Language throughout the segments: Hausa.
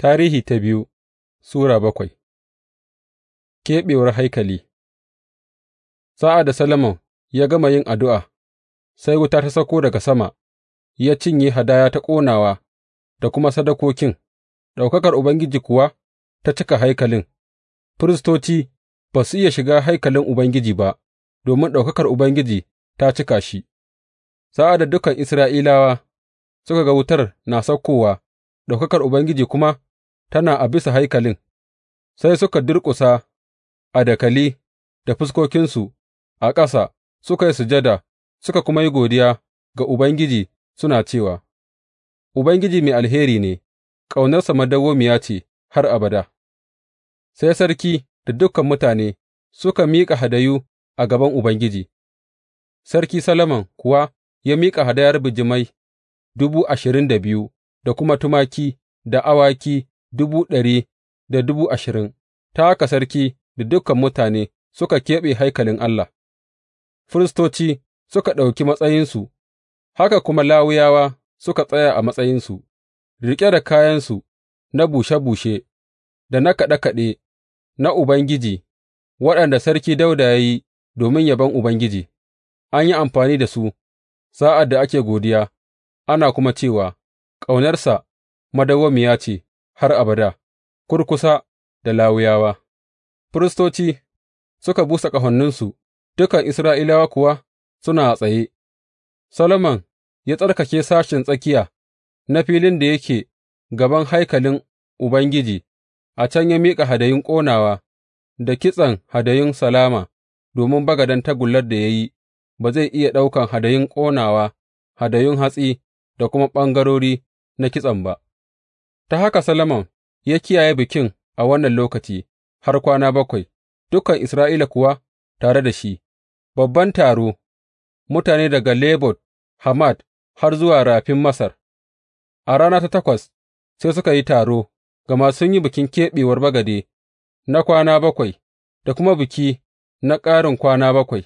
Tarihi ta biyu Sura bakwai Keɓewar haikali Sa'ad da Solomon ya gama yin addu'a, sai wuta ta sauko daga sama ya cinye hadaya ta ƙonawa da kuma sadakokin, ɗaukakar Ubangiji kuwa ta cika haikalin, firistoci ba su iya shiga haikalin Ubangiji ba, domin ɗaukakar Ubangiji ta cika shi, sa'ad da dukan Isra'ilawa suka ga wutar na saukowa, ɗaukakar Ubangiji kuma tana a bisa haikalin, sai suka durƙusa a dakali da fuskokinsu a ƙasa suka yi sujada suka kuma yi godiya ga Ubangiji suna cewa, Ubangiji mai alheri ne, ƙaunarsa madawwamiya ce har abada. Sai sarki da dukan mutane suka miƙa hadayu a gaban Ubangiji, Sarki Salaman kuwa ya miƙa hadayar bijimai dubu ashirin da biyu da kuma tumaki da awaki dubu ɗari da dubu ashirin, ta haka sarki da dukan mutane suka keɓe haikalin Allah, firistoci suka ɗauki matsayinsu, haka kuma lawuyawa suka tsaya a matsayinsu, riƙe da kayansu na bushe-bushe da na kaɗe-kaɗe na Ubangiji waɗanda Sarki Dauda ya yi domin yabon Ubangiji, an yi amfani da su sa'ad da ake godiya, ana kuma cewa, Ƙaunarsa madawwamiya ce. har abada, kurkusa da Lawiyawa, firistoci suka busa ƙahoninsu, dukan Isra'ilawa kuwa suna a tsaye, Solomon ya tsarkake sashen tsakiya na filin da yake gaban haikalin Ubangiji, a can ya miƙa hadayun ƙonawa da kitsen hadayun salama, domin bagadan tagullar da ya yi ba zai iya ɗaukan hadayun ƙonawa, hadayun hatsi da kuma ɓangarori na kitsen ba. ta haka Solomon ya kiyaye bikin a wannan lokaci har kwana bakwai, dukan Isra'ila kuwa tare da shi, babban taro, mutane daga Lebot Hamad har zuwa rafin Masar. A rana ta takwas sai suka yi taro, gama sun yi bikin keɓewar bagade na kwana bakwai da kuma biki na ƙarin kwana bakwai.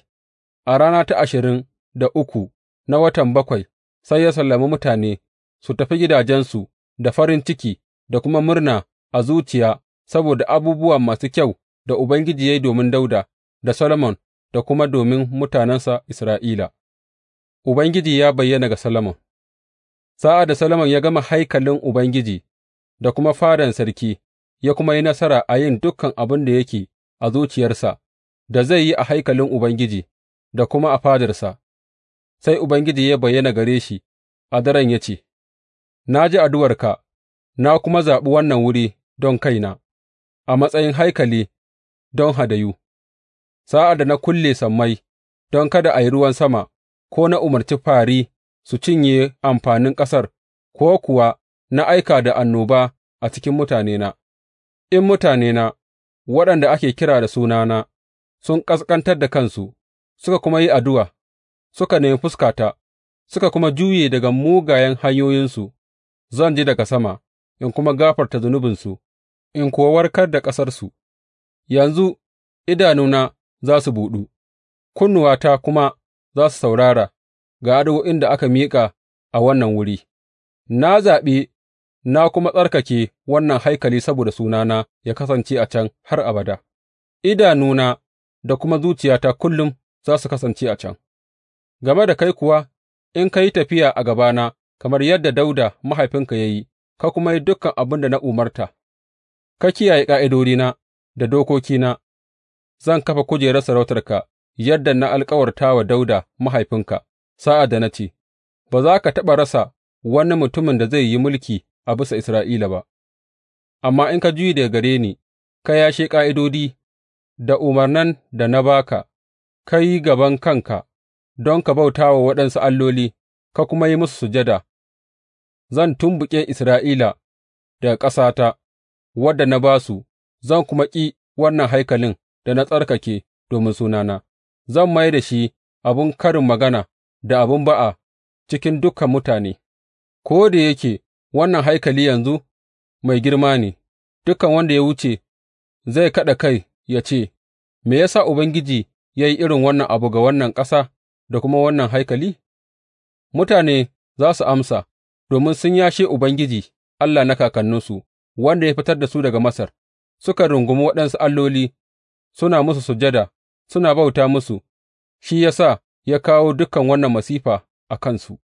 A rana ta ashirin da uku na watan bakwai sai ya sallami mutane su tafi gidajensu da farin ciki da kuma murna a zuciya saboda abubuwa masu kyau da Ubangiji ya yi domin Dauda da Solomon da kuma domin mutanensa Isra'ila. Ubangiji ya bayyana ga Solomon Sa'ad da Solomon ya gama haikalin Ubangiji da kuma fadan sarki, ya kuma yi nasara a yin dukan abin da yake a zuciyarsa da zai yi a haikalin Ubangiji da kuma a fadarsa, sai Ubangiji ya bayyana gare shi a daren ya ce, Na ji addu'arka na kuma zaɓi wannan wuri don kaina a matsayin haikali don hadayu, sa'ad da na kulle sammai don kada a yi ruwan sama, ko na umarci fari su cinye amfanin ƙasar, ko kuwa na aika da annoba a cikin mutanena, in mutanena waɗanda ake kira da sunana sun ƙasƙantar da kansu, suka kuma yi addu'a, suka nemi fuskata, suka kuma juye daga mugayen hanyoyinsu, zan ji daga sama in kuma gafarta zunubinsu, in kuwa warkar da ƙasarsu, yanzu idanuna za su buɗu, kunnuwata kuma za su saurara ga addu'o'in da aka miƙa a wannan wuri, na zaɓi na kuma tsarkake wannan haikali saboda sunana ya kasance a can har abada, idanuna da kuma zuciyata kullum za su kasance a can, game da kai kuwa in ka yi tafiya a gabana kamar yadda Dauda mahaifinka ya yi, ka kuma yi dukan abin da na umarta, ka kiyaye ƙa'idodina da dokokina, zan kafa kujerar sarautarka yadda na alkawarta wa Dauda mahaifinka sa'ad da na ce, Ba za ka taɓa rasa wani mutumin da zai yi mulki a bisa Isra'ila ba, amma in ka juyi daga gare ni, ka yashe ƙa'idodi da umarnan da na ba ka, ka yi gaban kanka don ka bauta wa waɗansu alloli, ka kuma yi musu sujada, zan tumɓuke Isra'ila daga ƙasata, wadda na ba su, zan kuma ƙi wannan haikalin da na tsarkake domin Sunana, zan mai da shi abin karin magana da abin ba'a cikin dukan mutane, ko da yake wannan haikali yanzu mai girma ne, dukan wanda ya wuce zai kaɗa kai ya ce, Me ya sa Ubangiji ya yi irin wannan abu ga wannan ƙasa da kuma wannan haikali? Mutane za su amsa. domin sun yashe Ubangiji Allah na kakanninsu, wanda ya fitar da su daga Masar, suka rungumi waɗansu alloli, suna musu sujada, suna bauta musu, shi ya sa ya kawo dukan wannan masifa a kansu.